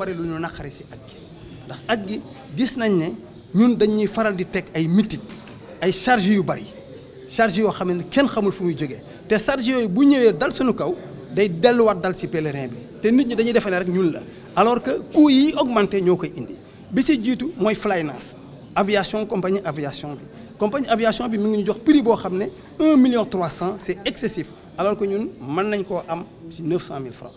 bari luñu ñu naqari si ndax ak gi gis nañ ne ñun dañuy faral di tek ay mitit ay charge yu bari charge yo xam ne kenn xamul fu muy jógee te charge yooyu bu ñëwee dal suñu kaw day delu wat dal ci pèlerin bi te nit ñi dañuy defee rek ñun la alors que coûts yi augmenté ñokay indi bi ci jitu moy Flynas aviation compagnie aviation bi compagnie aviation bi mi ngi ñu jox prix bo xam 1 un million trois c'est excessif alors que ñun mën nañ ko am ci 900000 francs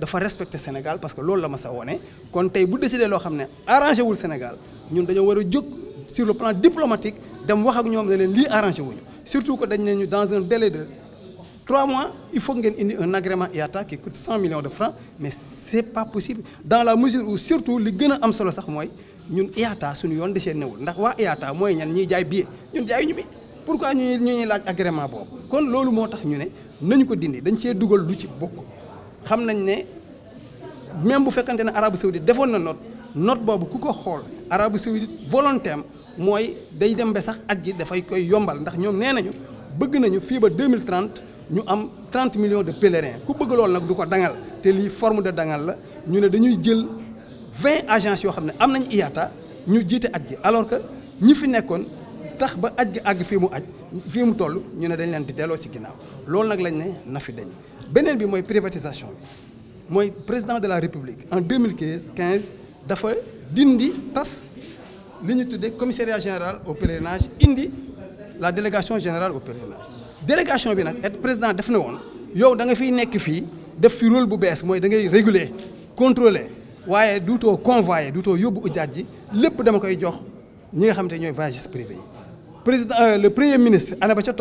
dafa le Sénégal parce que loolu la ma sa wone kon tey bu décidé loo xam ne arrangé wul Sénégal ñun dañoo war a jóg sur le plan diplomatique dem wax ak ñoom ne leen lii arrangé wuñu surtout que dañ ne ñu dans un délai de trois mois il faut ngeen indi un agrément IATA qui coûte 100 millions de francs mais c'est pas possible dans la mesure où surtout li gën a am solo sax mooy ñun IATA suñu yoon déchiré newul ndax waa IATA mooy ñan ñiy jaay billet ñun jaay ñu bi pourquoi ñu ñuy laaj agrément boobu kon loolu moo tax ñu ne nañu ko dindi dañ cee dugal lu ci bokk xam nañ ne même bu fekkante ne Arabie Saoudite defoon na note not boobu ku ko xool Arabie Saoudite volonté mooy day dem ba sax aj gi dafay koy yombal ndax ñoom nee nañu bëgg nañu fii ba 2030 ñu am 30 millions de pèlerins ku bëgg loolu nag du ko dangal te lii forme de dangal la ñu ne dañuy jël 20 agences yoo xam ne am nañ IATA ñu jiite aj gi alors que ñi fi nekkoon. tax ba aj ag fi mu aj fi mu toll ñu ne dañ leen di delo ci ginaaw lool nak lañ ne na fi dañ benen bi moy privatisation moy président de la république en 2015 15 dafa dindi tas li ñu tuddee commissariat général au pèlerinage indi la délégation générale au pèlerinage délégation bi nak être président def na won yow da nga fiy nekk fi def fi rôle bu bess moy da ngay réguler contrôler waye duutoo convoyer duutoo yóbbu ujaaj ji lépp dama koy jox ñi nga xamanté ñoy ñooy privé yi président euh, le premier ministre année ca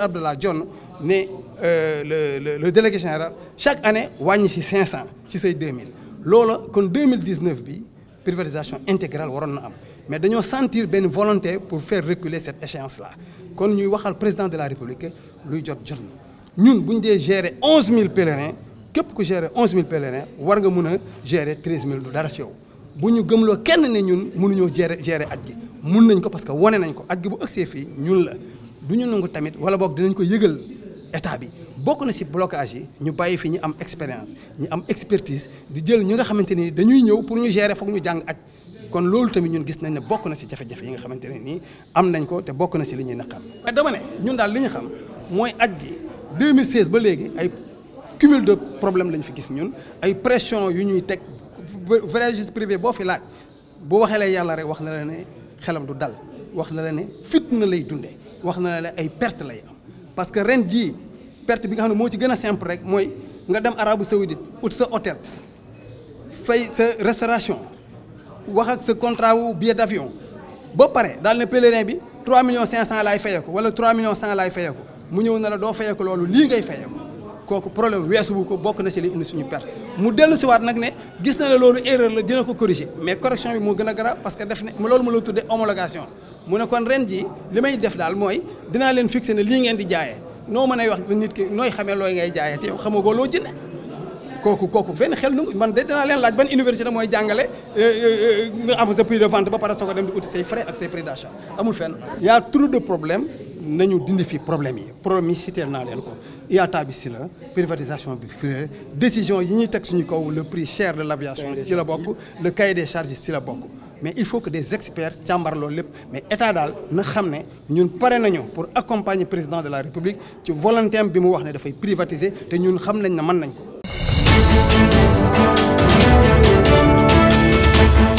Abdallah euh, le le le délégué général chaque année wàññi 500 ci say 2000 loola kon 2019 bi privatisation intégrale Waron am mais on sentir une volonté pour faire reculer cette échéance là nous ñuy le président de la république Louis jot John. Nous ñun bu 11 11 gérer pèlerins képp ku gérer 000 pèlerins war nga gérer 13 000. dara ci nous kenn ne ñun pas gérer mun nañ ko parce que woné nañ ko aj gi bu ëgsee fii ñun la duñu ñu nangu tamit wala bok dinañ ko yëgal état bi bokk na ci blocage yi ñu bayyi fi ñu am expérience ñu am expertise di jël ñi nga xamante ni dañuy ñëw pour ñu gérer foog ñu jàng aj kon loolu tamit ñun gis nañ ne bokk na ci jafe-jafe yi nga xamante ne nii am nañ ko te bokk na ci li ñuy naqar mais dama ne ñun daal li ñu xam mooy aj gi 2016 ba léegi ay cumul de problème lañ fi gis ñun ay pression yu ñuy teg voyage privé boo fi laaj boo waxee lay yàlla rek wax na la ne xelam du dal wax na la ne na lay dundee wax na la ay perte lay am parce que ren jii perte bi nga xam ne moo ci gën a simple rek mooy nga dem Arabie Saoudite ut sa hôtel fay sa restauration wax ak sa contrat wu billet d'avion ba pare daal ne pèlerin bi 3 millions 500 laay fayee ko wala 3 millions 100 laay fayee ko mu ñëw na la doo fayee ko loolu lii ngay fayee ko koku problème weesu bu ko bok na si li indi suñu mu gis na la erreur corriger mais correction bi mo a parce que def homologation mu ne kon ren ji def fixer ngeen di wax nit ki ngay xel man de len laaj ban université euh, euh, euh, prix de vente ba y a trop de problèmes nañu dindi fi problème yi problème yi citer naa leen ko la privatisation bi fii décision yi suñu kaw le prix cher de l'aviation, ci la bokk le cahier des charges ci la bokk mais il faut que des experts càmbar loolu lépp mais état d'Al, na xam ne ñun pare nañu pour accompagner président de la république ci volontairement am bi mu wax privatiser te ñun xam nañ ne mën nañ ko